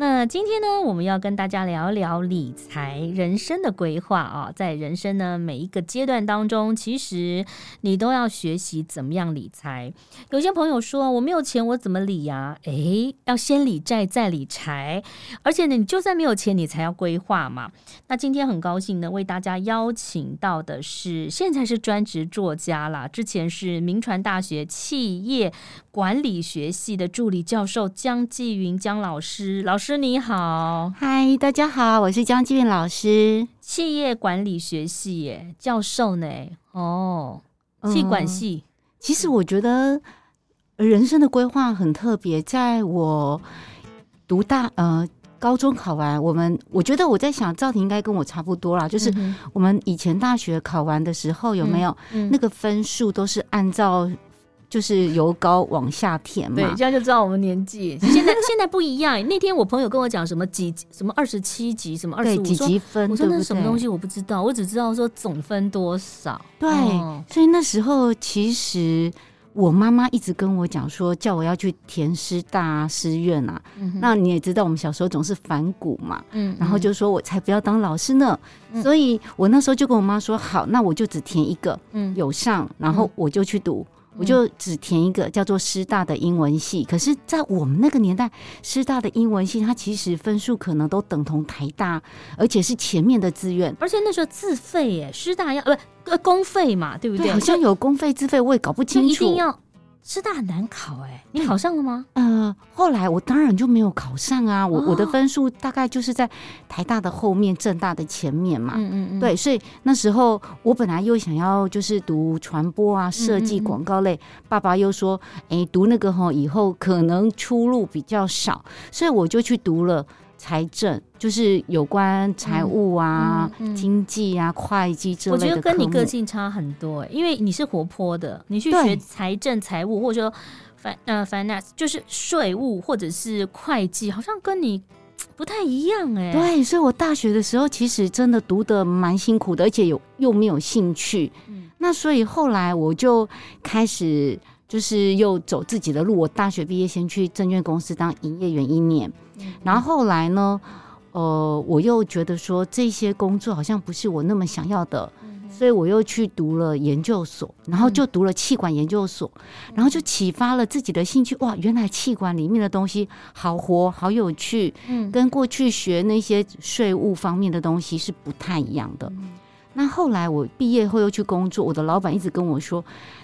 那今天呢，我們要跟大家聊聊理財人生的規劃啊，在人生呢，每一個階段當中，其實你都要學習怎麼樣理財。有些朋友說我沒有錢，我怎麼理呀、啊？哎，要先理債再理財，而且呢，你就算沒有錢，你才要規劃嘛。那今天很高興呢，為大家邀請到的是，現在是專職作家啦，之前是銘傳大學企業管理學系的助理教授江季芸江老師，老師。你好，嗨，大家好，我是江季芸老師，企業管理學系誒教授呢？哦，企、嗯、管系。其實我覺得人生的規劃很特別，在我讀大呃高中考完，我們我覺得我在想，趙婷應該跟我差不多啦，就是我們以前大學考完的時候，有沒有、嗯嗯、那個分數都是按照。就是由高往下填嘛，對，這樣就知道我們年紀。現在 現在不一樣。那天我朋友跟我講什麼幾什麼二十七級什麼二十五級分，我說那是什麼東西我不知道對不對，我只知道說總分多少。對、哦，所以那時候其實我媽媽一直跟我講說，叫我要去填師大師院啊、嗯。那你也知道，我們小時候總是反骨嘛，嗯，嗯，然後就說我才不要當老師呢、嗯。所以我那時候就跟我媽說，好，那我就只填一個，嗯，有上，然後我就去讀。嗯嗯我就只填一個叫做師大的英文系，可是，在我們那個年代，師大的英文系它其實分數可能都等同台大，而且是前面的志願，而且那時候自費耶，師大要呃呃公費嘛，對不對啊？對，好像有公費自費，我也搞不清楚。一定要。師大難考哎、欸，你考上了嗎？呃，後來我當然就沒有考上啊，我、哦、我的分數大概就是在台大的後面，政大的前面嘛。嗯嗯嗯。對，所以那時候我本來又想要就是讀傳播啊、設計、廣告類，嗯嗯嗯，爸爸又說，哎、欸，讀那個吼以後可能出路比較少，所以我就去讀了。財政就是有關財務啊、嗯嗯嗯、經濟啊、會計這類的，我覺得跟你個性差很多、欸，因為你是活潑的，你去學財政、財務，或者說 fin、呃、finance 就是稅務或者是會計，好像跟你不太一樣哎、欸。對，所以我大學的時候其實真的讀得蠻辛苦的，而且有又沒有興趣、嗯。那所以後來我就開始就是又走自己的路。我大學畢業先去證券公司當營業員一年。然後後來呢，呃，我又覺得說，這些工作好像不是我那麼想要的、嗯，所以我又去讀了研究所，然後就讀了企管研究所、嗯，然後就啟發了自己的興趣。哇，原來企管裡面的東西好活好有趣、嗯，跟過去學那些稅務方面的東西是不太一樣的、嗯。那後來我畢業後又去工作，我的老板一直跟我說，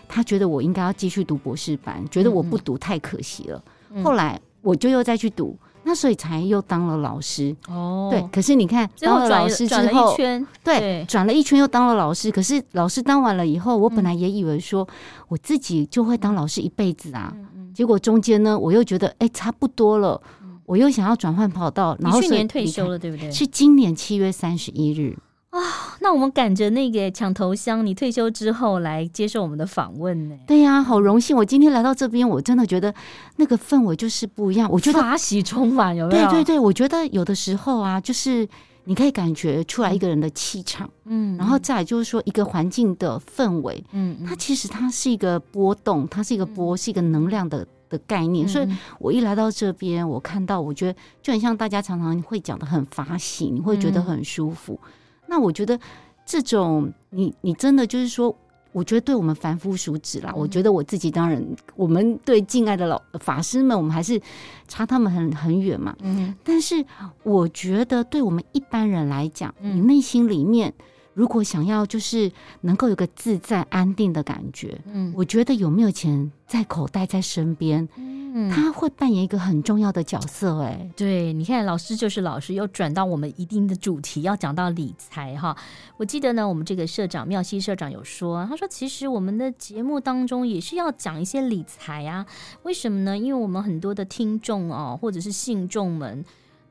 他覺得我應該要繼續讀博士班，覺得我不讀太可惜了。嗯嗯，後來我就又再去讀。那所以才又當了老師哦，對。可是你看，後當了老師之後，轉了一圈，對，轉了一圈又當了老師。可是老師當完了以後，嗯、我本來也以為說我自己就會當老師一輩子啊嗯嗯。結果中間呢，我又覺得哎、欸，差不多了，我又想要轉換跑道。嗯、然後。你去年退休了，對不對？是今年七月三十一日。啊、哦，那我們趕着那個搶頭香，你退休之後來接受我們的訪問呢？對呀、啊，好榮幸！我今天來到這邊，我真的覺得那個氛圍就是不一樣。我覺得發喜充滿，有沒有？對對對，我覺得有的時候啊，就是你可以感覺出來一個人的氣場，嗯，然後再就是說一個環境的氛圍，嗯，它其實它是一個波動，它是一個波，嗯、是一個能量的的概念、嗯。所以我一來到這邊，我看到，我覺得就很像大家常常會講的很發喜，你會覺得很舒服。嗯嗯那我覺得，這種你你真的就是說，我覺得對我們凡夫俗子啦、嗯，我覺得我自己當然，我們對敬愛的老法師們，我們還是差他們很很遠嘛、嗯。但是我覺得對我們一般人來講、嗯，你內心裡面如果想要就是能夠有個自在安定的感覺，嗯，我覺得有沒有錢在口袋在身邊。嗯他會扮演一個很重要的角色、欸，哎、嗯，對，你看，老師就是老師，又轉到我們一定的主題，要講到理財哈。我記得呢，我們這個社長妙西社長有說，他說其實我們的節目當中也是要講一些理財啊。為什麼呢？因為我們很多的聽眾哦，或者是信眾們，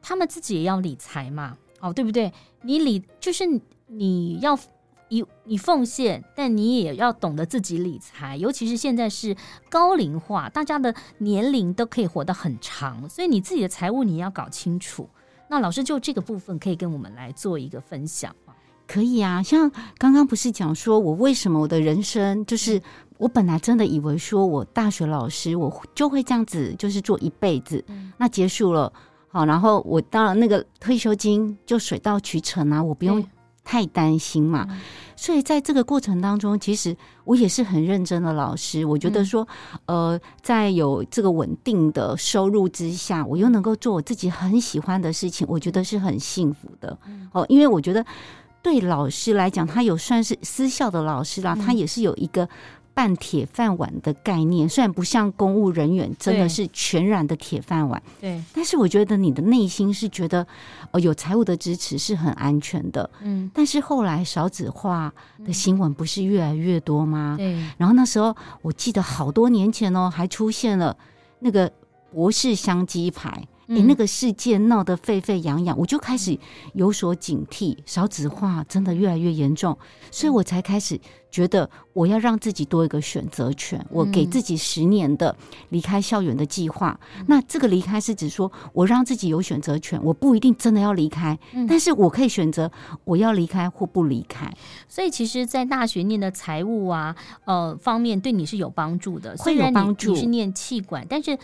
他們自己也要理財嘛，哦，對不對？你理就是你要。你你奉獻，但你也要懂得自己理財，尤其是現在是高齡化，大家的年齡都可以活得很長，所以你自己的財務你要搞清楚。那老師就這個部分可以跟我們來做一個分享。可以啊，像剛剛不是講說我為什麼我的人生就是我本來真的以為說我大學老師我就會這樣子就是做一輩子，嗯、那結束了，好，然後我當然那個退休金就水到渠成啊，我不用。太擔心嘛、嗯，所以在這個過程當中，其實我也是很認真的老師。我覺得說、嗯，呃，在有這個穩定的收入之下，我又能夠做我自己很喜歡的事情，我覺得是很幸福的。嗯、哦，因為我覺得對老師來講，他有算是私校的老師啦，嗯、他也是有一個。半鐵飯碗的概念，雖然不像公務人員真的是全然的鐵飯碗，對，但是我覺得你的內心是覺得，哦、呃，有財務的支持是很安全的，嗯。但是後來少子化的新聞不是越來越多嗎？嗯、對。然後那時候我記得好多年前哦，還出現了那個博士香雞排。你那個事件鬧得沸沸揚揚，我就開始有所警惕，少子化真的越來越嚴重，所以我才開始覺得我要讓自己多一個選擇權，我給自己十年的離開校園的計劃。嗯、那這個離開是指說我讓自己有選擇權，我不一定真的要離開，嗯、但是我可以選擇我要離開或不離開。所以其實，在大學念的財務啊，呃，方面對你是有幫助的，雖然你，你是念企管，但是。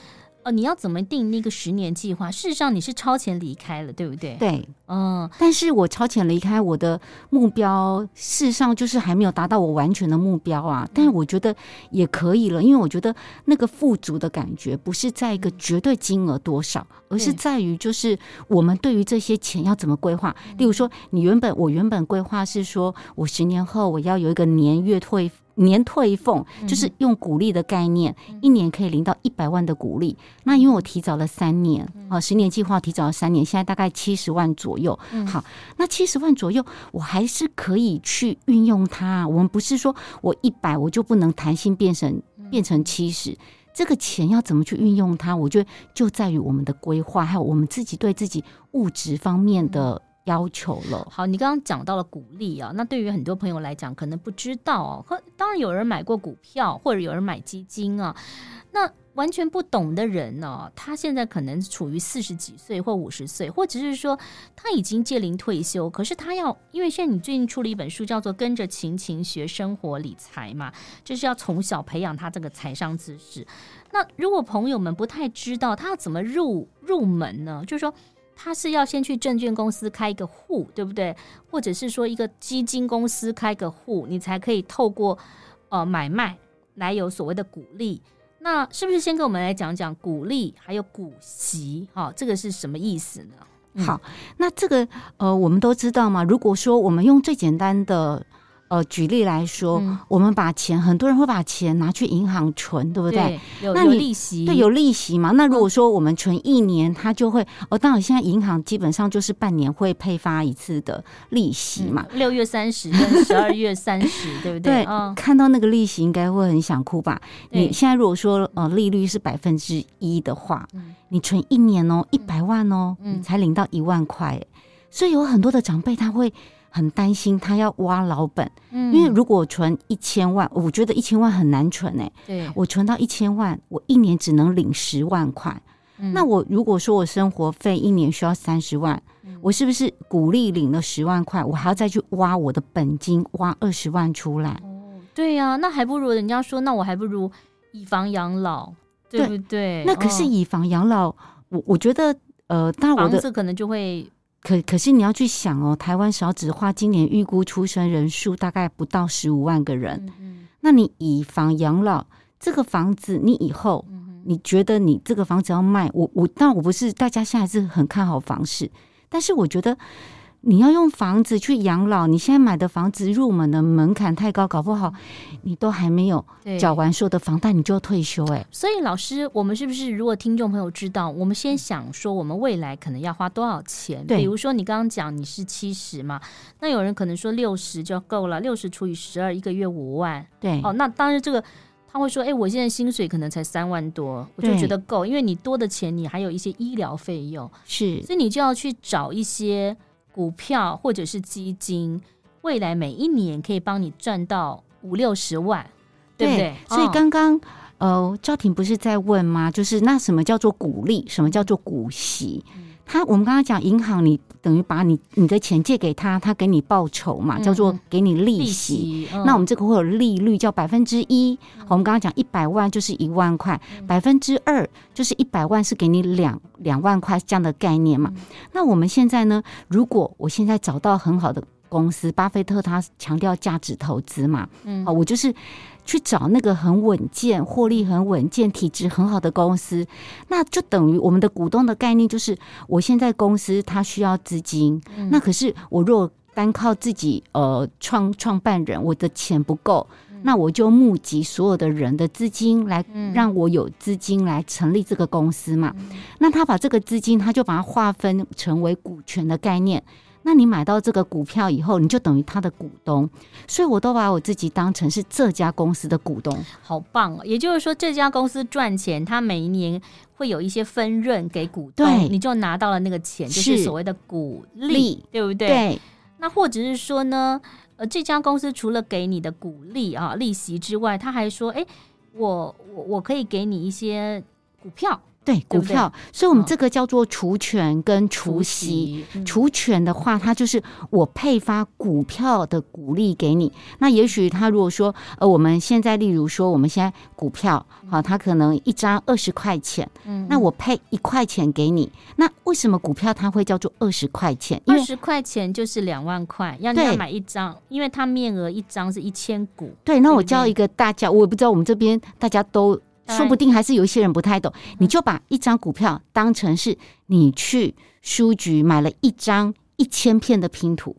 哦，你要怎麼定那個十年計劃？事實上，你是超前離開了，對不對？對，嗯。但是我超前離開，我的目標事實上就是還沒有達到我完全的目標啊。嗯、但是我覺得也可以了，因為我覺得那個富足的感覺不是在一個絕對金額多少，嗯、而是在於就是我們對於這些錢要怎麼規劃。嗯、例如說，你原本我原本規劃是說，我十年後我要有一個年月退。年退奉就是用股利的概念，嗯，一年可以領到一百萬的股利。那因為我提早了三年，啊，十年計劃提早了三年，現在大概七十萬左右。好，那七十萬左右，我還是可以去運用它。我們不是說我一百我就不能彈性變成變成七十，這個錢要怎麼去運用它？我覺得就在於我們的規劃，還有我們自己對自己物質方面的。要求了，好，你剛剛講到了股利啊，那對於很多朋友來講，可能不知道哦。當然有人買過股票，或者有人買基金啊，那完全不懂的人呢、哦，他現在可能處於四十幾歲或五十歲，或者是說他已經屆齡退休，可是他要，因為現在你最近出了一本書，叫做《跟着晴晴學生活理財》嘛，就是要從小培養他這個財商知識。那如果朋友們不太知道，他要怎麼入入門呢？就是說。他是要先去證券公司開一個戶，對不對？或者是說一個基金公司開個戶，你才可以透過呃買賣來有所謂的股利。那是不是先跟我們來講講股利還有股息？哈、哦，這個是什麼意思呢？嗯、好，那這個呃，我們都知道嘛。如果說我們用最簡單的。呃，舉例來說、嗯，我們把錢，很多人會把錢拿去銀行存，對不對？對有那你有利息，對，有利息嘛。那如果說我們存一年，嗯，他就會，哦，當然現在銀行基本上就是半年會配發一次的利息嘛。六、嗯，月三十，跟十二月三十，對不對，對、哦，看到那個利息，應該會很想哭吧？你現在如果說呃，利率是百分之一的話、嗯，你存一年哦，一百萬哦，嗯，才領到一萬塊，所以有很多的長輩他會。很擔心他要挖老本、嗯，因為如果存一千萬，我覺得一千萬很難存哎、欸，對，我存到一千萬，我一年只能領十萬塊、嗯。那我如果說我生活費一年需要三十萬，嗯、我是不是鼓勵領了十萬塊，我還要再去挖我的本金挖二十萬出來？哦、對呀、啊，那還不如人家說，那我還不如以房養老，對不對？對那可是以房養老，哦、我我覺得，呃，當然我的房子可能就會。可可是你要去想哦，台灣少子化今年預估出生人數大概不到十五萬個人。嗯嗯那你以房養老，這個房子你以後嗯嗯，你覺得你這個房子要賣？我我但我不是，大家現在是很看好房市，但是我覺得。你要用房子去養老，你現在買的房子入門的門檻太高，搞不好你都還沒有繳完所有的房貸，但你就要退休哎、欸。所以老師，我們是不是如果聽眾朋友知道，我們先想說我們未來可能要花多少錢？比如說你剛剛講你是七十嘛，那有人可能說六十就夠了，六十除以十二一個月五萬。對，哦，那當然這個他會說，哎，我現在薪水可能才三萬多，我就覺得夠，因為你多的錢你還有一些醫療費用，是，所以你就要去找一些。股票或者是基金，未來每一年可以幫你賺到五六十萬，對不對？對，所以剛剛、哦、呃，趙婷不是在問嗎？就是那什麼叫做股利，什麼叫做股息？嗯他，我們剛剛講銀行，你等於把你你的錢借給他，他給你報酬嘛，叫做給你利息。嗯，利息，嗯。那我們這個會有利率，叫百分之一。我們剛剛講一百萬就是一萬塊，百分之二就是一百萬是給你兩兩萬塊這樣的概念嘛。嗯。那我們現在呢？如果我現在找到很好的公司，巴菲特他強調價值投資嘛，嗯，我就是。去找那個很穩健、獲利很穩健、體質很好的公司，那就等於我們的股東的概念就是：我現在公司它需要資金，嗯、那可是我若單靠自己呃創創辦人，我的錢不夠、嗯，那我就募集所有的人的資金來、嗯、讓我有資金來成立這個公司嘛。嗯、那他把這個資金，他就把它劃分成為股權的概念。那你買到這個股票以後，你就等於他的股東，所以我都把我自己當成是這家公司的股東，好棒哦！也就是說，這家公司賺錢，他每一年會有一些分潤給股東對、嗯，你就拿到了那個錢，就是所謂的股利，對不對？對。那或者是說呢，呃，這家公司除了給你的股利啊、利息之外，他還說，哎、欸，我我我可以給你一些股票。對股票對對，所以我們這個叫做除權跟除息。除、哦、權、嗯、的話，它就是我配發股票的股利給你。那也許他如果說，呃，我們現在例如說，我們現在股票，好、啊，它可能一張二十塊錢，嗯，那我配一塊錢給你。那為什麼股票它會叫做二十塊錢？二十塊錢就是兩萬塊，要你要買一張，因為它面額一張是一千股。對，對對，那我教一個大家，我也不知道我們這邊大家都。說不定還是有一些人不太懂，嗯、你就把一張股票當成是你去書局買了一張一千片的拼圖。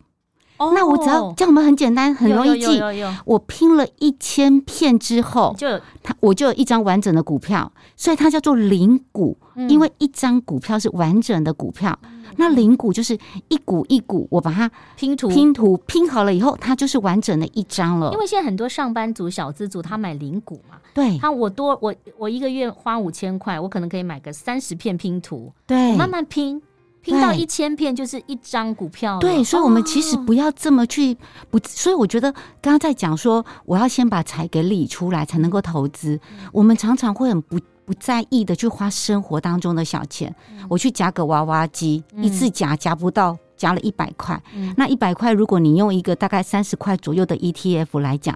哦、那我只要叫我們很簡單、哦，很容易記。有有有有有有有我拼了一千片之後，就它我就有一張完整的股票，所以它叫做零股，嗯、因為一張股票是完整的股票。那零股就是一股一股，我把它拼圖拼圖拼好了以後，它就是完整的一張了。因為現在很多上班族、小資族，他買零股嘛，對他我，我多我我一個月花五千塊，我可能可以買個三十片拼圖，對，慢慢拼拼到一千片就是一張股票。對，所以我們其實不要這麼去、哦、不，所以我覺得剛剛在講說，我要先把財給理出來才能夠投資、嗯，我們常常會很不。不在意的去花生活當中的小錢，嗯、我去夾個娃娃機、嗯，一次夾夾不到，夾了一百塊。那一百塊，如果你用一個大概三十塊左右的 ETF 來講、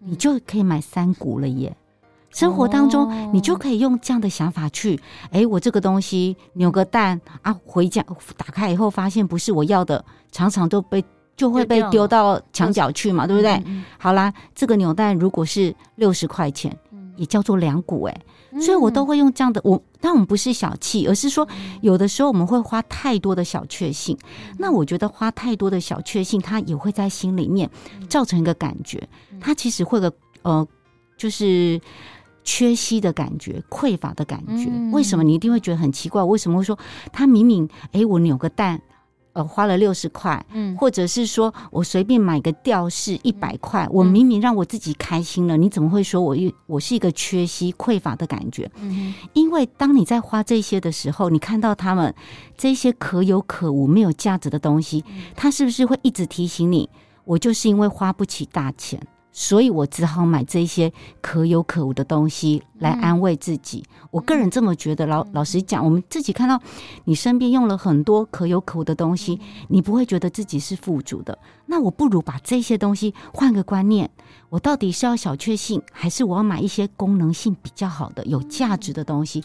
嗯，你就可以買三股了耶、嗯。生活當中，你就可以用這樣的想法去，哎、哦欸，我這個東西扭個蛋啊，回家打開以後發現不是我要的，常常都被就會被丟到牆角去嘛，對不對嗯嗯？好啦，這個扭蛋如果是六十塊錢。也叫做兩股哎、欸，所以我都會用這樣的我。但我們不是小氣，而是說，有的時候我們會花太多的小確幸。那我覺得花太多的小確幸，它也會在心裡面造成一個感覺，它其實會有呃，就是缺席的感覺、匱乏的感覺。為什麼你一定會覺得很奇怪？為什麼會說他明明誒、欸，我扭個蛋？呃，花了六十塊，嗯，或者是說我隨便買個吊飾一百塊，嗯，我明明讓我自己開心了，嗯，你怎麼會說我一我是一個缺席匱乏的感覺？嗯，因為當你在花這些的時候，你看到他們這些可有可無、沒有價值的東西，嗯，他是不是會一直提醒你，我就是因為花不起大錢。所以我只好買這些可有可無的東西來安慰自己。嗯。我個人這麼覺得，老老實講，我們自己看到你身邊用了很多可有可無的東西，你不會覺得自己是富足的。那我不如把這些東西換個觀念，我到底是要小確幸，還是我要買一些功能性比較好的、有價值的東西？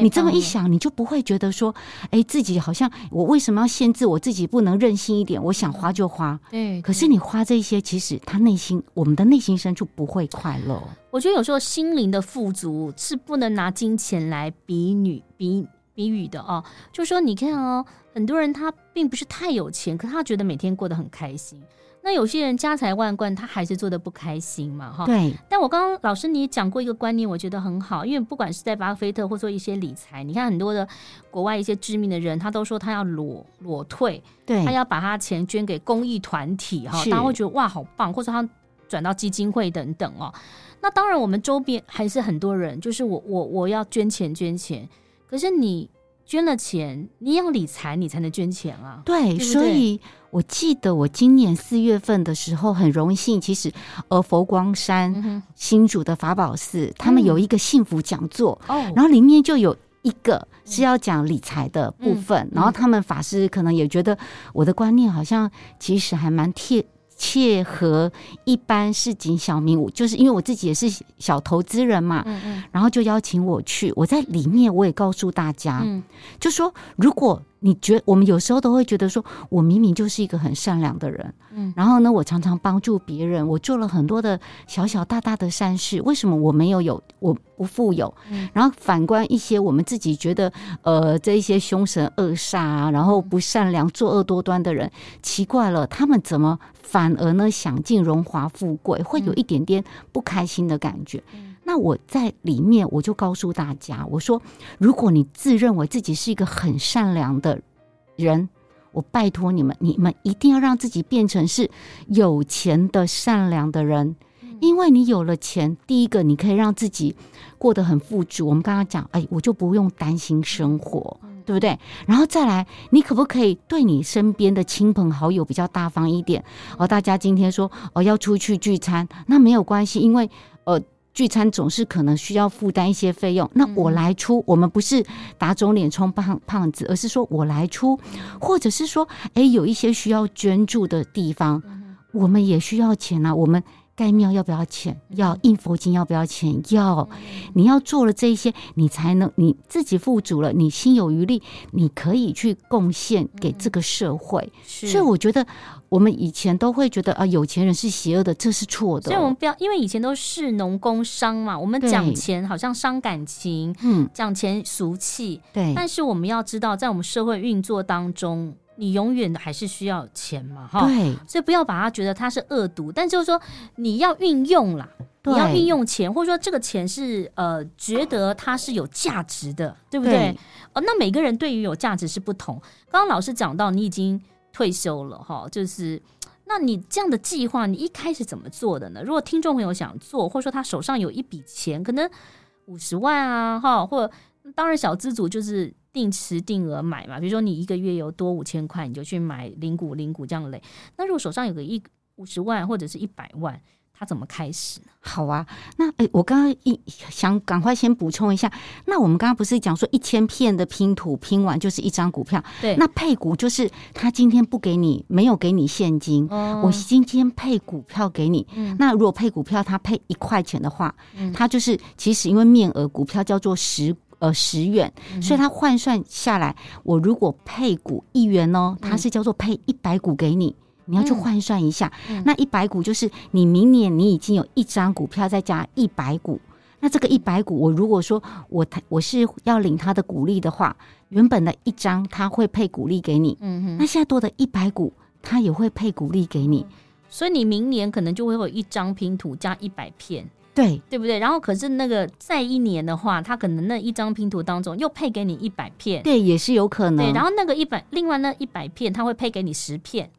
你這麼一想，你就不會覺得說，哎、欸，自己好像我為什麼要限制我自己，不能任性一點，我想花就花。對,對,對，可是你花這些，其實他內心，我們的內心深處不會快樂。我覺得有時候心靈的富足是不能拿金錢來比女，比擬。謎語的哦，就說你看哦，很多人他並不是太有錢，可他覺得每天過得很開心。那有些人家財萬貫，他還是做得不開心嘛，哈。對。但我剛剛老師你講過一個觀念，我覺得很好，因為不管是在巴菲特或做一些理財，你看很多的國外一些知名的人，他都說他要裸裸退，對，他要把他錢捐給公益團體哈，大家、哦、會覺得哇，好棒，或者他轉到基金會等等哦。那當然，我們周邊還是很多人，就是我我我要捐錢捐錢。可是你捐了錢，你要理財，你才能捐錢啊。對、對、對，所以我記得我今年四月份的時候，很榮幸，其實呃，佛光山、嗯、新主的法寶寺，他們有一個幸福講座，嗯、然後裡面就有一個是要講理財的部分、嗯，然後他們法師可能也覺得我的觀念好像其實還蠻貼。切合一般市井小民，我就是因為我自己也是小投資人嘛，嗯嗯，然後就邀請我去，我在裡面，我也告訴大家，嗯，就說如果你覺得，我們有時候都會覺得說，我明明就是一個很善良的人，嗯，然後呢，我常常幫助別人，我做了很多的小小大大的善事，為什麼我沒有有我不富有？嗯，然後反觀一些我們自己覺得呃這一些兇神惡煞啊，然後不善良、作惡多端的人，嗯，奇怪了，他們怎麼？反而呢，享盡榮華富貴，會有一點點不開心的感覺。嗯、那我在裡面，我就告訴大家，我說，如果你自認為自己是一個很善良的人，我拜託你們，你們一定要讓自己變成是有錢的善良的人，嗯。因為你有了錢，第一個你可以讓自己過得很富足。我們剛剛講，哎，欸，我就不用擔心生活。對不對？然後再來，你可不可以對你身邊的親朋好友比較大方一點？哦，大家今天說哦要出去聚餐，那沒有關係，因為呃聚餐總是可能需要負擔一些費用，那我來出。我們不是打腫臉充胖胖子，而是說我來出，或者是說，哎，有一些需要捐助的地方，我們也需要錢啊，我們。蓋廟要不要錢？要印佛經要不要錢？嗯。要，你要做了這一些，你才能你自己富足了，你心有餘力，你可以去貢獻給這個社會。嗯。所以我覺得，我們以前都會覺得啊，有錢人是邪惡的，這是錯的。所以我們不要，因為以前都是農工商嘛，我們講錢好像傷感情，嗯，講錢俗氣，對。但是我們要知道，在我們社會運作當中。你永遠還是需要錢嘛，哈，對，所以不要把它覺得它是惡毒，但就是說你要運用啦，你要運用錢，或者說這個錢是呃覺得它是有價值的，對不對？對，哦，那每個人對於有價值是不同。剛剛老師講到，你已經退休了，哈，就是那你這樣的計劃，你一開始怎麼做的呢？如果聽眾朋友想做，或者說他手上有一筆錢，可能五十萬啊，哈，或當然小資族就是。定時定額買嘛，比如說你一個月有多五千塊，你就去買零股零股這樣累。那如果手上有個一五十萬或者是一百萬，他怎麼開始？好啊，那、欸、我剛剛一想，趕快先補充一下。那我們剛剛不是講說一千片的拼圖拼完就是一張股票？對，那配股就是他今天不給你，沒有給你現金，嗯、我今天配股票給你。嗯、那如果配股票，他配一塊錢的話，嗯、他就是其實因為面額股票叫做十。呃，十元，嗯、所以他換算下來，我如果配股一元呢、哦？他是叫做配一百股給你，嗯、你要去換算一下、嗯。那一百股就是你明年你已經有一張股票，再加一百股。那這個一百股，我如果說我我是要領他的股利的話，原本的一張他會配股利給你，嗯哼，那現在多的一百股他也會配股利給你、嗯，所以你明年可能就會有一張拼圖加一百片。對，對不對？然後可是那個再一年的話，他可能那一張拼圖當中又配給你一百片，對，也是有可能。對，然後那個一百，另外那一百片，他會配給你十片。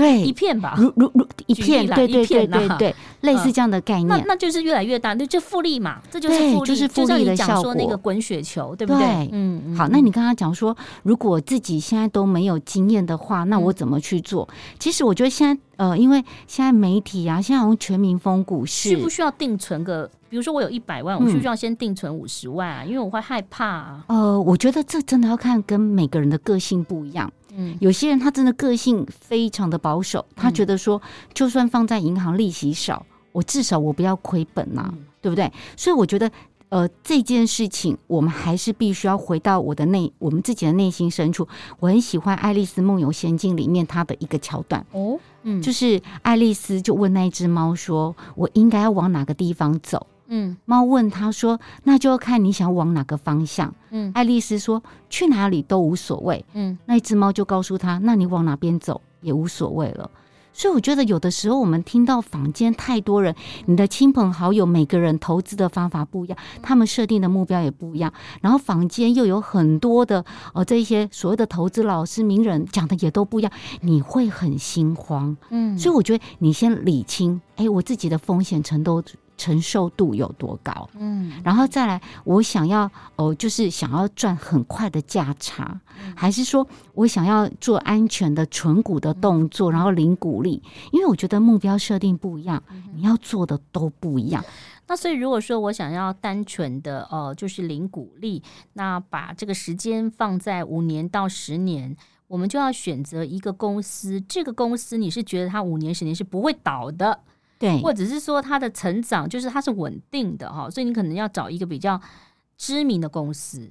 對一片吧，如、如、如一片，對對對對對、啊對，對，對，嗯，類似這樣的概念。那那就是越來越大，那就複利嘛，這就是複利、就是、複利，就是複利的那個滾雪球，對不對，對？嗯。好，嗯、那你剛剛講說，如果自己現在都沒有經驗的話，那我怎麼去做？嗯、其實我覺得現在呃，因為現在媒體啊，現在像全民瘋股市，需不需要定存個？比如說我有一百萬，嗯、我需不需要先定存五十萬啊？因為我會害怕、啊。呃，我覺得這真的要看跟每個人的個性不一樣。嗯，有些人他真的個性非常的保守，他覺得說，就算放在銀行利息少，我至少我不要虧本吶，啊，嗯，對不對？所以我覺得，呃，這件事情我們還是必須要回到我的內，我們自己的內心深處。我很喜歡《愛麗絲夢遊仙境》裡面它的一個橋段哦，嗯，就是愛麗絲就問那隻貓說：“我應該要往哪個地方走？”嗯，貓問他說：“那就要看你想往哪個方向。”嗯，愛麗絲說：“去哪裡都無所謂。”嗯，那一只貓就告訴他：“那你往哪邊走也無所謂了。”所以我覺得，有的時候我們聽到坊間太多人，嗯、你的親朋好友每個人投資的方法不一樣，嗯、他們設定的目標也不一樣，然後坊間又有很多的哦、呃，這些所謂的投資老師、名人講的也都不一樣，嗯，你會很心慌。嗯，所以我覺得你先理清，哎、欸，我自己的風險程度。承受度有多高？嗯，然後再來，我想要哦，就是想要賺很快的價差，嗯，還是說我想要做安全的純股的動作，嗯、然後領股利？因為我覺得目標設定不一樣，嗯、你要做的都不一樣。那所以，如果說我想要單純的哦、呃，就是領股利，那把這個時間放在五年到十年，我們就要選擇一個公司，這個公司你是覺得它五年十年是不會倒的？對，或者是說它的成長，就是它是穩定的哈，所以你可能要找一個比較知名的公司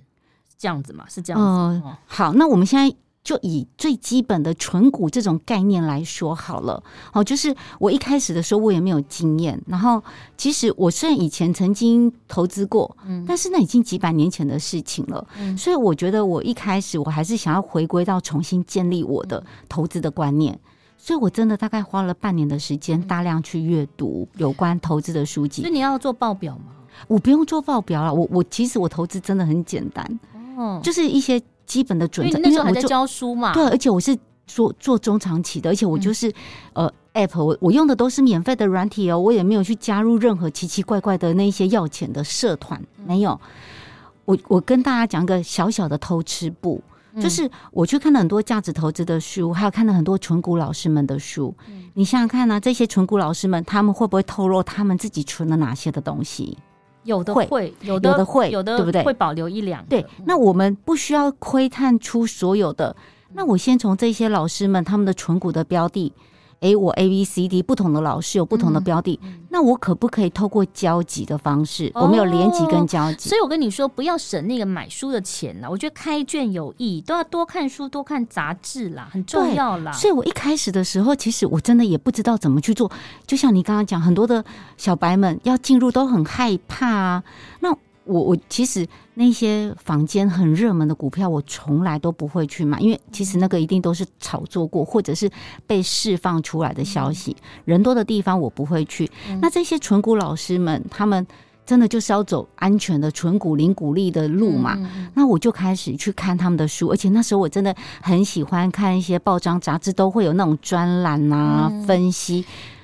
這樣子嘛，是這樣子，這樣子、呃。好，那我們現在就以最基本的存股這種概念來說好了。好、嗯哦，就是我一開始的時候，我也沒有經驗，然後其實我雖然以前曾經投資過，但是那已經幾百年前的事情了，嗯、所以我覺得我一開始，我還是想要回歸到重新建立我的、嗯、投資的觀念。所以，我真的大概花了半年的時間，大量去閱讀有關投資的書籍、嗯。所以你要做報表嗎？我不用做報表了。我我其實我投資真的很簡單，哦，就是一些基本的準則。因為那時候還在教書嘛，對、啊，而且我是做做中長期的，而且我就是、嗯、呃，App，我我用的都是免費的軟體哦，我也沒有去加入任何奇奇怪怪的那些要錢的社團，沒有。嗯、我我跟大家講一個小小的偷吃步。嗯、就是我去看了很多價值投資的書，還有看了很多存股老師們的書。嗯、你想想看呢、啊，這些存股老師們，他們會不會透露他們自己存了哪些的東西？有的會，會有的有的會，有的對不對？會保留一兩個。對，那我們不需要窺探出所有的。那我先從這些老師們他們的存股的標的。哎，我 A、B、C、D 不同的老師有不同的標的、嗯，那我可不可以透過交集的方式？哦、我們有聯集跟交集。所以我跟你說，不要省那個買書的錢。我覺得開卷有益，都要多看書、多看雜誌啦，很重要啦。所以我一開始的時候，其實我真的也不知道怎麼去做。就像你剛剛講，很多的小白們要進入都很害怕、啊。那我我其實。那些坊間很熱門的股票，我從來都不會去買，因為其實那個一定都是炒作過，或者是被釋放出來的消息。嗯、人多的地方我不會去。嗯、那這些存股老師們，他們真的就是要走安全的存股領股利的路嘛，嗯？那我就開始去看他們的書，而且那時候我真的很喜歡看一些報章雜誌，都會有那種專欄啊、分析。嗯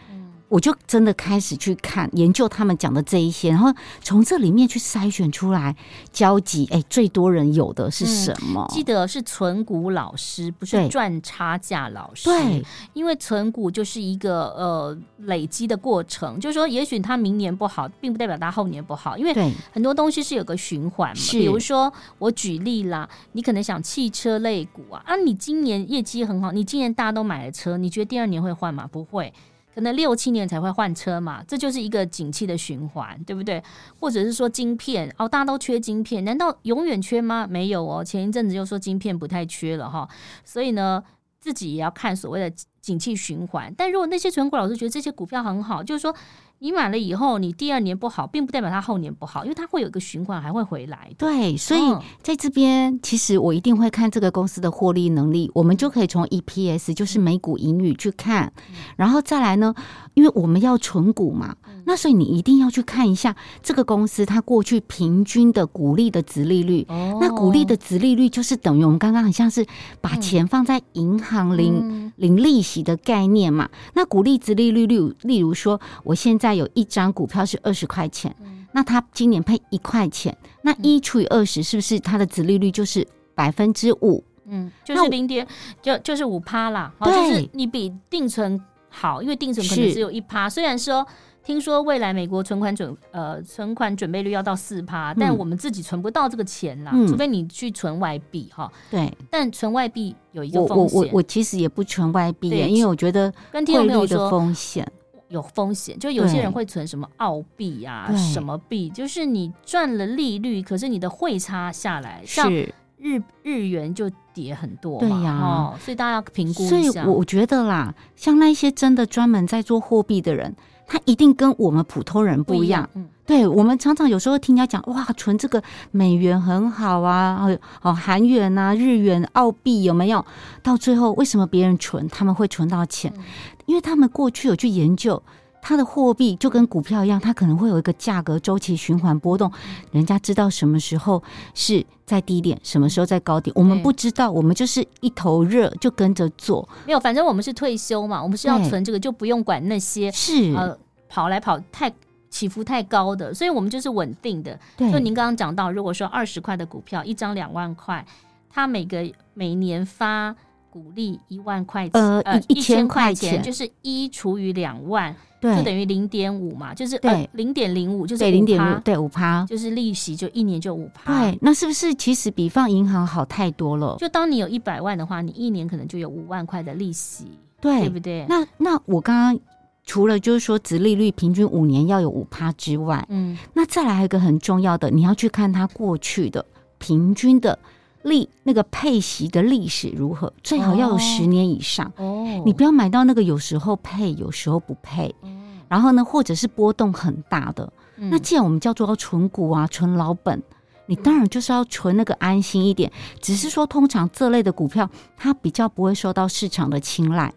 我就真的開始去看研究他們講的這一些，然後從這裡面去篩選出來交集。哎，最多人有的是什麼？嗯，記得是存股老師，不是賺差價老師。對，因為存股就是一個呃累積的過程。就是說，也許他明年不好，並不代表他後年不好，因為很多東西是有個循環嘛。對。比如說我舉例啦，你可能想汽車類股啊，啊，你今年業績很好，你今年大家都買了車，你覺得第二年會換嗎？不會。可能六七年才會換車嘛，這就是一個景氣的循環，對不對？或者是說晶片哦，大家都缺晶片，難道永遠缺嗎？沒有哦，前一陣子就說晶片不太缺了哈，所以呢，自己也要看所謂的景氣循環。但如果那些存股老師覺得這些股票很好，就是說。你買了以後，你第二年不好，並不代表它後年不好，因為它會有一個循環，還會回來對。對，所以在這邊、嗯，其實我一定會看這個公司的獲利能力，我們就可以從 EPS，就是每股盈餘去看、嗯，然後再來呢，因為我們要存股嘛。那所以你一定要去看一下這個公司它過去平均的股利的殖利率，哦、那股利的殖利率就是等於我們剛剛好像是把錢放在銀行領領、嗯、利息的概念嘛。那股利殖利率，率，例如說我現在有一張股票是二十塊錢、嗯，那它今年配一塊錢，那一除以二十，是不是它的殖利率就是百分之五？嗯，就是零點，就就是五趴啦。對，就是你比定存好，因為定存可能只有一趴，雖然說。聽說未來美國存款準呃存款準備率要到四趴，但我們自己存不到這個錢啦，嗯、除非你去存外幣哈。對、嗯，但存外幣有一個風險。我我,我其實也不存外幣，因為我覺得跟聽眾朋友說，風險有風險，就有些人會存什麼澳幣啊，什麼幣，就是你賺了利率，可是你的匯差下來，像日日元就跌很多嘛。哦、啊，所以大家要評估一下。所以我覺得啦，像那一些真的專門在做貨幣的人。他一定跟我們普通人不一樣，一樣嗯，對我們常常有時候聽人家講，哇，存這個美元很好啊，哦，韓元啊，日元、澳幣有沒有？到最後為什麼別人存，他們會存到錢，嗯？因為他們過去有去研究。它的貨幣就跟股票一樣，它可能會有一個價格周期循環波動。人家知道什麼時候是在低點，什麼時候在高點，我們不知道，我們就是一頭熱就跟着做。沒有，反正我們是退休嘛，我們是要存這個，就不用管那些是呃跑來跑太起伏太高的，所以我們就是穩定的。對，就您剛剛講到，如果說二十塊的股票一張兩萬塊，它每個每年發。股利一萬塊錢，呃，一千塊錢，嗯，一千塊錢就是一除以兩萬，就等於零點五嘛，就是對零點零五，呃，零點零五就是零點五，對五趴，就是利息就一年就五趴。對，那是不是其實比放銀行好太多了？就當你有一百萬的話，你一年可能就有五萬塊的利息，對，對不對？那那我剛剛除了就是說，殖利率平均五年要有五趴之外，嗯，那再來一個很重要的，你要去看它過去的平均的。歷那個配息的歷史如何？最好要有十年以上、哦哦。你不要買到那個有時候配，有時候不配、嗯。然後呢，或者是波動很大的。嗯、那既然我們叫做要存股啊，存老本，你當然就是要存那個安心一點。嗯、只是說，通常這類的股票，它比較不會受到市場的青睞。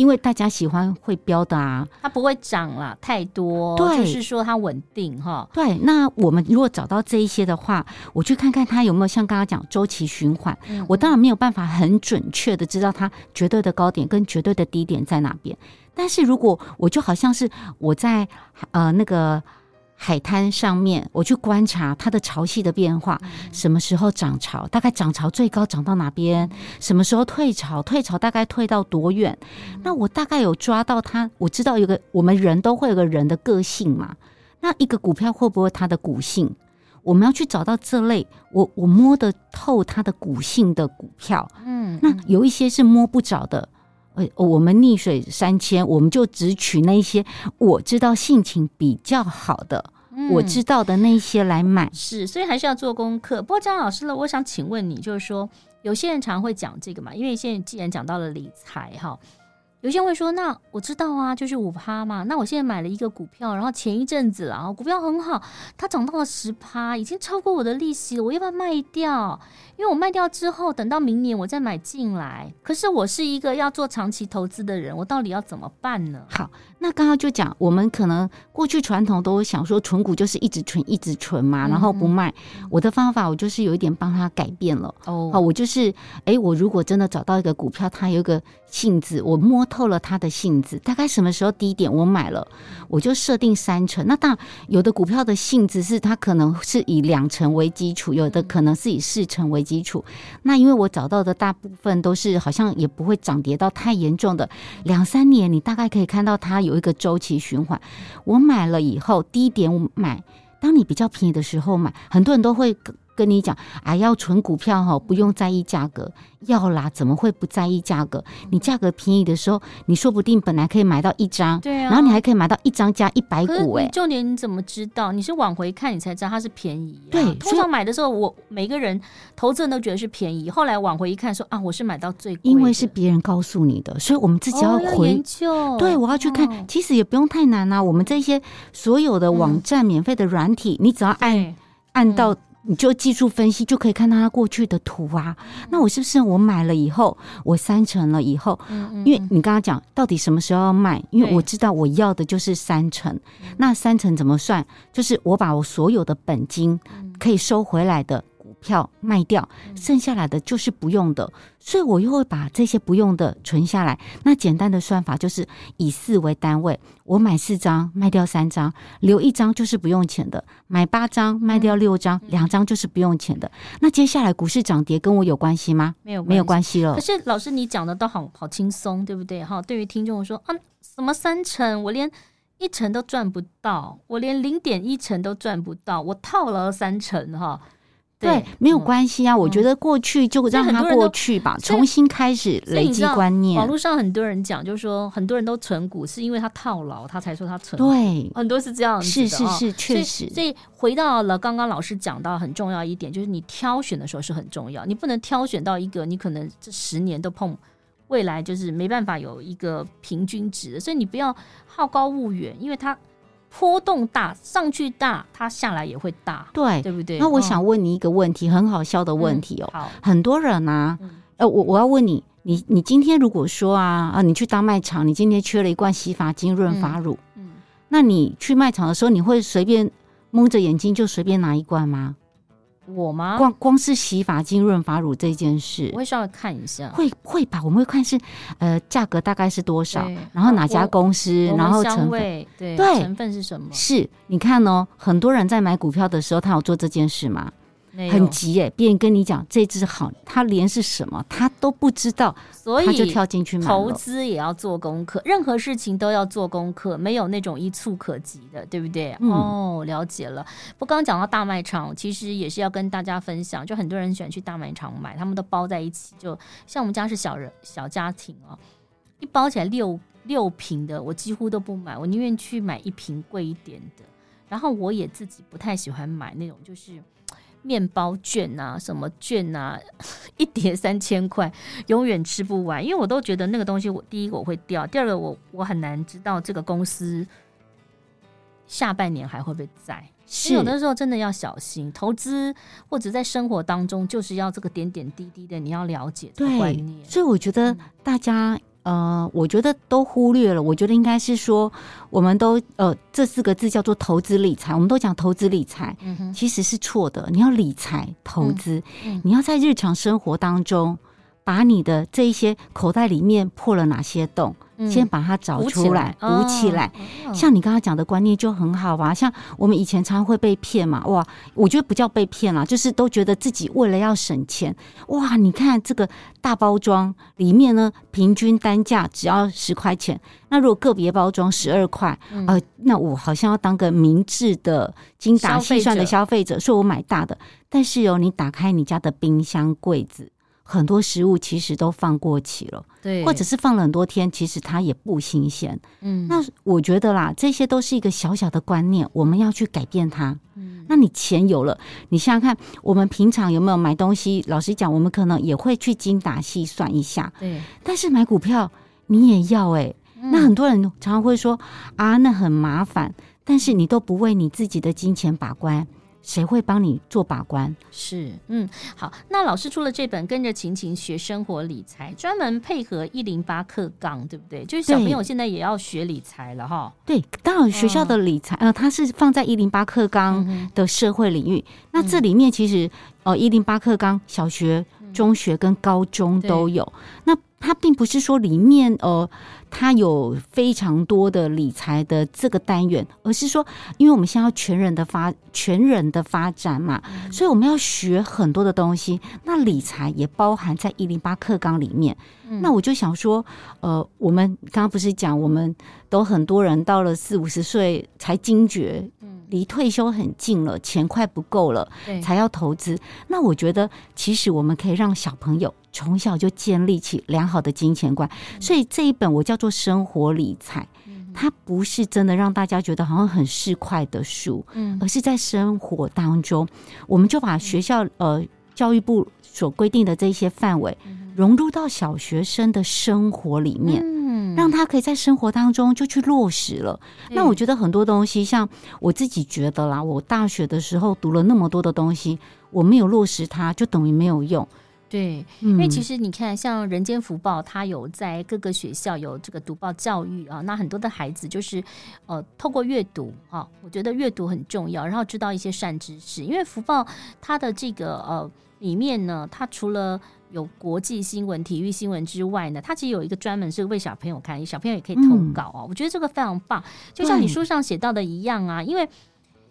因為大家喜歡會飆的啊，它不會漲了太多。哦，對，就是說它穩定哈。哦。對，那我們如果找到這一些的話，我去看看它有沒有像剛剛講週期循環。嗯。我當然沒有辦法很準確的知道它絕對的高點跟絕對的低點在哪邊，但是如果我就好像是我在呃那個。海灘上面，我去觀察它的潮汐的變化，什麼時候漲潮，大概漲潮最高漲到哪邊，什麼時候退潮，退潮大概退到多遠。那我大概有抓到它，我知道一個我們人都會有個人的個性嘛。那一個股票會不會它的股性，我們要去找到這類，我我摸得透它的股性的股票。嗯，那有一些是摸不着的。我們逆水三千，我們就只取那些我知道性情比較好的，嗯，我知道的那些來買。是，所以還是要做功課。不過江老師了，我想請問你，就是說，有些人常會講這個嘛，因為現在既然講到了理財哈，有些人會說，那我知道啊，就是五趴嘛。那我現在買了一個股票，然後前一陣子然後股票很好，它漲到了十趴，已經超過我的利息了，我要不要賣掉？因為我賣掉之後，等到明年我再買進來。可是我是一個要做長期投資的人，我到底要怎麼辦呢？好，那剛剛就講，我們可能過去傳統都想說，存股就是一直存，一直存嘛、嗯，然後不賣。我的方法，我就是有一點幫他改變了。哦，好，我就是，哎、欸，我如果真的找到一個股票，它有一個性質，我摸透了它的性質，大概什麼時候低點我買了，嗯、我就設定三成。那當然，有的股票的性質是它可能是以兩成為基礎，有的可能是以四成為基礎。嗯嗯基礎，那因為我找到的大部分都是好像也不會漲跌到太嚴重的，兩三年你大概可以看到它有一個周期循環。我買了以後低點我買，當你比較便宜的時候買，很多人都會。跟你講哎、啊，要存股票哈，不用在意價格。要啦，怎麼會不在意價格？你價格便宜的時候，你說不定本來可以買到一張，對啊，然後你還可以買到一張加一百股哎、欸。重點你怎麼知道？你是往回看，你才知道它是便宜、啊。對，通常買的時候，我每個人投資人都覺得是便宜，後來往回一看說，說啊，我是買到最貴的。因為是別人告訴你的，所以我們自己要回、哦、要研究對我要去看、哦，其實也不用太難啊。我們這些所有的網站、免費的軟體，嗯、你只要按、嗯、按到。你就技術分析就可以看到它過去的圖啊，那我是不是我買了以後，我三成了以後，嗯，嗯，嗯，因為你剛剛講到底什麼時候要賣，因為我知道我要的就是三成，那三成怎麼算？就是我把我所有的本金可以收回來的。嗯嗯票賣掉，剩下來的就是不用的，嗯、所以我又會把這些不用的存下來。那簡單的算法就是以四為單位，我買四張，賣掉三張，留一張就是不用錢的；買八張，賣掉六張，兩、嗯、張就是不用錢的。嗯、那接下來股市漲跌跟我有關係嗎？沒有，沒有關係了。可是老師，你講的都好好輕鬆，對不對？哈，對於聽眾說啊，什麼三成，我連一成都賺不到，我連零點一成都賺不到，我套了三成哈。對，沒有關係啊、嗯。我覺得過去就讓他過去吧，嗯嗯、重新開始累積觀念。網絡上很多人講，就是說很多人都存股是因為他套牢，他才說他存。對，很多是這樣的，是是是，確實。哦、所以。所以回到了剛剛老師講到很重要一點，就是你挑選的時候是很重要，你不能挑選到一個你可能這十年都碰未來就是沒辦法有一個平均值，所以你不要好高騖遠，因為他。波動大，上去大，它下來也會大，對對不對？那我想問你一個問題，哦、很好笑的問題哦、嗯。很多人啊，呃，我我要問你，你你今天如果說啊啊，你去大賣場，你今天缺了一罐洗髮精潤、潤髮乳，嗯，那你去賣場的時候，你會隨便蒙着眼睛就隨便拿一罐嗎？我嗎？光光是洗髮精、潤髮乳這件事，我會稍微看一下，會會吧。我們會看是，呃，價格大概是多少，然後哪家公司，然後成分。對，對，成分是什麼？是，你看哦，很多人在買股票的時候，他有做這件事嗎？很急哎，欸！別人跟你講這支好，他連是什麼他都不知道，所以他就跳進去買，投資也要做功課，任何事情都要做功課，沒有那種一蹴可及的，對不對？嗯，哦，了解了。不，剛剛講到大賣場，其實也是要跟大家分享。就很多人喜歡去大賣場買，他們都包在一起。就像我們家是小人小家庭啊，哦，一包起來六六瓶的，我幾乎都不買，我寧願去買一瓶貴一點的。然後我也自己不太喜歡買那種就是。麵包券啊，什麼券啊，一疊三千塊，永遠吃不完。因為我都覺得那個東西我，我第一我會掉，第二個我我很難知道這個公司下半年還會不會在。其實有的時候真的要小心投資，或者在生活當中，就是要這個點點滴滴的你要了解觀念，對。所以我覺得大家。呃，我覺得都忽略了。我覺得應該是說，我們都呃，這四個字叫做投資理財，我們都講投資理財，其實是錯的。你要理財投資，嗯嗯，你要在日常生活當中。把你的這一些口袋裡面破了哪些洞，嗯、先把它找出來，補起來。起來啊，像你剛剛講的觀念就很好吧？像我們以前常常會被騙嘛，哇，我覺得不叫被騙啦，就是都覺得自己為了要省錢，哇，你看這個大包裝裡面呢，平均單價只要十塊錢，那如果個別包裝十二塊，呃，那我好像要當個明智的精打細算的消費者，所以我買大的。但是哦，你打開你家的冰箱櫃子。很多食物其實都放過期了，對，或者是放了很多天，其實它也不新鮮。嗯，那我覺得啦，這些都是一個小小的觀念，我們要去改變它。嗯，那你錢有了，你想想看，我們平常有沒有買東西？老實講，我們可能也會去精打細算一下。對，但是買股票你也要誒、欸。嗯。那很多人常常會說啊，那很麻煩，但是你都不為你自己的金錢把關。誰會幫你做把關？是，嗯，好，那老師出了這本《跟着晴晴學生活理財》，專門配合一零八課綱，對不對？就是小朋友現在也要學理財了哈。對、哦，當然學校的理財，呃、它是放在一零八課綱的社會領域。嗯、那這裡面其實，哦、嗯，一零八課綱小學、中學跟高中都有。嗯、那它並不是說裡面呃，它有非常多的理財的這個單元，而是說，因為我們現在要全人的發全人的發展嘛、嗯，所以我們要學很多的東西。那理財也包含在一零八課綱裡面、嗯。那我就想說，呃，我們剛剛不是講，我們都很多人到了四五十歲才驚覺。離退休很近了，錢快不夠了，才要投資。那我覺得，其實我們可以讓小朋友從小就建立起良好的金錢觀。嗯、所以這一本我叫做《生活理財》，嗯、它不是真的讓大家覺得好像很市儈的書、嗯，而是在生活當中，嗯、我們就把學校、嗯、呃教育部所規定的這些範圍、嗯、融入到小學生的生活裡面。嗯讓他可以在生活當中就去落實了。那我覺得很多東西，像我自己覺得啦，我大學的時候讀了那麼多的東西，我沒有落實它，就等於沒有用。對，嗯。因為其實你看，像《人間福報》，它有在各個學校有這個讀報教育啊。那很多的孩子就是呃，透過閱讀啊，我覺得閱讀很重要，然後知道一些善知識。因為福報它的這個呃裡面呢，它除了有國際新聞、體育新聞之外呢，它其實有一個專門是為小朋友看，小朋友也可以投稿啊、哦嗯。我覺得這個非常棒，就像你書上寫到的一樣啊。因為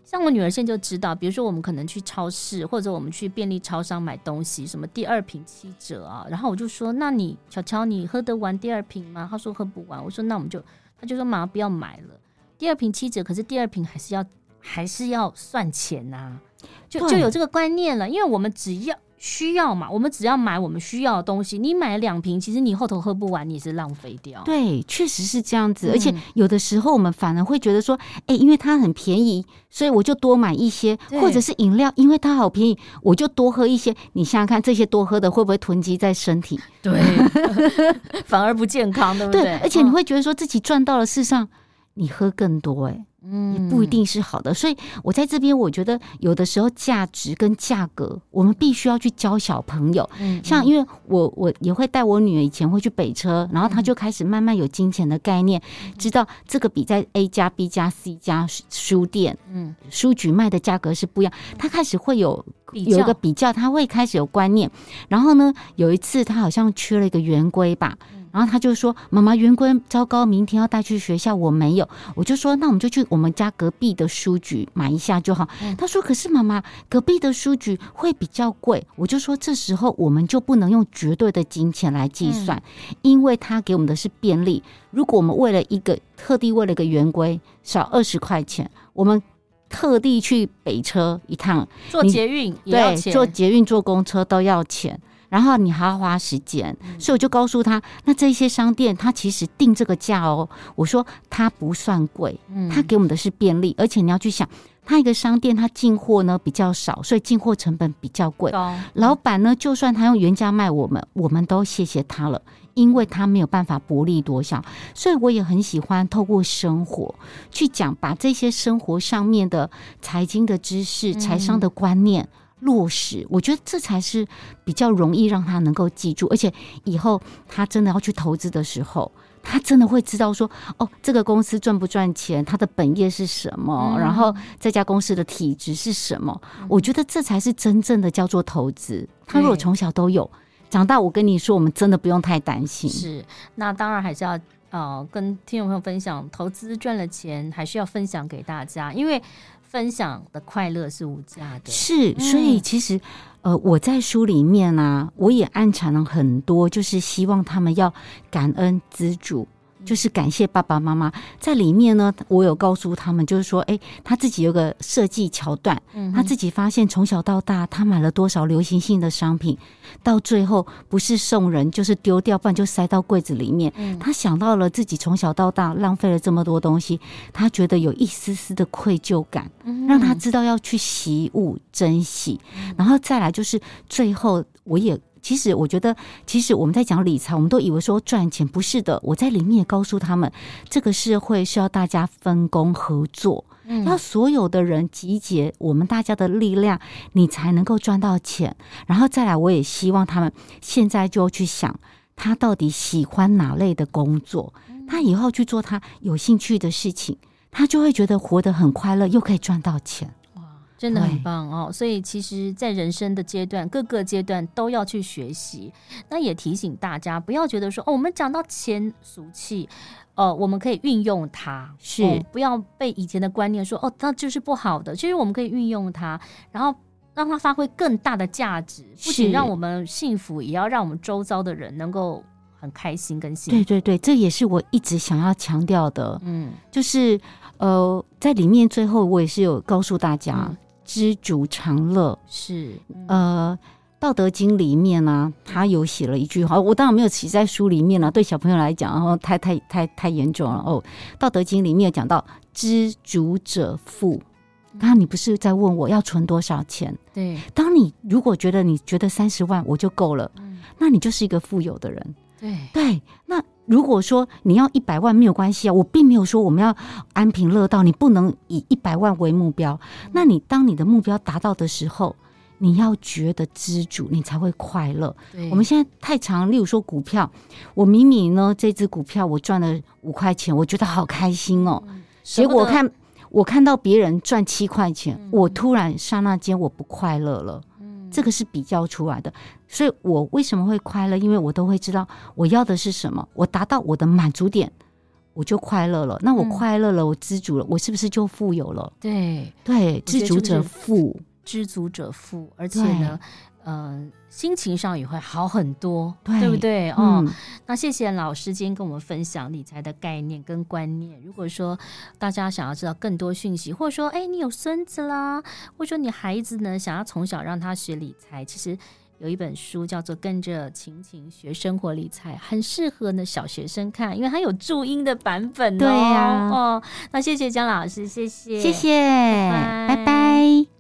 像我女兒現在就知道，比如說我們可能去超市或者我們去便利超商買東西，什麼第二瓶七折啊，然後我就說：“那你喬喬，瞧瞧你喝得完第二瓶嗎？”他說：“喝不完。”我說：“那我們就……”他就說：“馬上不要買了，第二瓶七折，可是第二瓶還是要還是要算錢吶、啊，就就有這個觀念了，因為我們只要。”需要嘛？我們只要買我們需要的東西。你買兩瓶，其實你後頭喝不完你也是浪費掉。對，確實是這樣子、嗯。而且有的時候我們反而會覺得說，哎、欸，因為它很便宜，所以我就多買一些，或者是飲料，因為它好便宜，我就多喝一些。你想想看，這些多喝的會不會囤積在身體？對， 反而不健康，對不對，對？而且你會覺得說自己賺到了，事實上、嗯、你喝更多哎、欸。嗯，也不一定是好的，所以我在這邊，我覺得有的時候價值跟價格，我們必須要去教小朋友。嗯，像因為我我也會帶我女兒，以前會去北車，然後她就開始慢慢有金錢的概念，知道這個比在 A 加 B 加 C 加書店，嗯，書局賣的價格是不一樣，她開始會有有一個比較，她會開始有觀念。然後呢，有一次她好像缺了一個圓規吧。然後他就說：“媽媽，圓規糟糕，明天要帶去學校，我沒有。”我就說：“那我們就去我們家隔壁的書局買一下就好。嗯”他說：“可是媽媽，隔壁的書局會比較貴。”我就說：“這時候我們就不能用絕對的金錢來計算，嗯、因為他給我們的是便利。如果我們為了一個特地為了一個圓規少二十塊錢，我們特地去北車一趟，坐捷運也要錢，對，坐捷運坐公車都要錢。”然後你還要花時間、嗯，所以我就告訴他，那這些商店他其實定這個價哦，我說他不算貴，他給我們的是便利，嗯、而且你要去想，他一個商店他進貨呢比較少，所以進貨成本比較貴。嗯、老闆呢，就算他用原價賣我們，我們都謝謝他了，因為他沒有辦法薄利多銷。所以我也很喜歡透過生活去講，把這些生活上面的財經的知識、嗯、財商的觀念。落實，我覺得這才是比較容易讓他能夠記住，而且以後他真的要去投資的時候，他真的會知道說，哦，這個公司賺不賺錢，它的本業是什麼，嗯，然後這家公司的體質是什麼。嗯。我覺得這才是真正的叫做投資。他如果從小都有，長大我跟你說，我們真的不用太擔心。是，那當然還是要呃跟聽眾朋友分享，投資賺了錢還是要分享給大家，因為。分享的快樂是無價的，是，所以其實，呃，我在書裡面啊，我也暗藏了很多，就是希望他們要感恩知足。就是感謝爸爸媽媽在裡面呢。我有告訴他們，就是說，哎、欸，他自己有個設計橋段、嗯，他自己發現從小到大他買了多少流行性的商品，到最後不是送人就是丟掉，不然就塞到櫃子裡面、嗯。他想到了自己從小到大浪費了這麼多東西，他覺得有一絲絲的愧疚感，讓他知道要去惜物珍惜、嗯。然後再來就是最後，我也。其實我覺得，其實我們在講理財，我們都以為說賺錢不是的。我在裡面也告訴他們，這個社會是要大家分工合作，要所有的人集結我們大家的力量，你才能夠賺到錢。然後再來，我也希望他們現在就去想，他到底喜歡哪類的工作，他以後去做他有興趣的事情，他就會覺得活得很快樂，又可以賺到錢。真的很棒哦，所以其實，在人生的階段，各個階段都要去學習。那也提醒大家，不要覺得說哦，我們講到錢俗氣，呃，我們可以運用它，是、哦、不要被以前的觀念說哦，那就是不好的。其實我們可以運用它，然後讓它發揮更大的價值，不僅讓我們幸福，也要讓我們周遭的人能夠很開心跟幸福。對對對，這也是我一直想要強調的。嗯，就是呃，在裡面最後，我也是有告訴大家。嗯知足常樂是，嗯、呃，《道德經》裡面呢、啊，他有寫了一句話，我當然沒有寫在書裡面了、啊。對小朋友來講，哦，太太太太嚴重了哦，《道德經》裡面講到，知足者富。那你不是在問我要存多少錢？對、嗯，當你如果覺得你覺得三十萬我就夠了、嗯，那你就是一個富有的人。對對，那如果說你要一百萬沒有關係啊，我並沒有說我們要安貧樂道，你不能以一百萬為目標。那你當你的目標達到的時候，你要覺得知足，你才會快樂。我們現在太長，例如說股票，我明明呢這隻股票我賺了五塊錢，我覺得好開心哦。嗯，結果我看我看到別人賺七塊錢，嗯，我突然剎那間我不快樂了。這個是比較出來的，所以我為什麼會快樂？因為我都會知道我要的是什麼，我達到我的滿足點，我就快樂了。那我快樂了，嗯、我知足了，我是不是就富有了？對對，知足者富，就是，知足者富，而且呢。嗯、呃，心情上也會好很多，對,對不對、嗯、哦？那謝謝老師今天跟我們分享理財的概念跟觀念。如果說大家想要知道更多訊息，或者說哎，你有孫子啦，或者說你孩子呢想要從小讓他學理財，其實有一本書叫做《跟着晴晴學生活理財》，很適合呢小學生看，因為它有注音的版本、哦、對呀、啊，哦，那謝謝江老師，謝謝，謝謝，拜拜。拜拜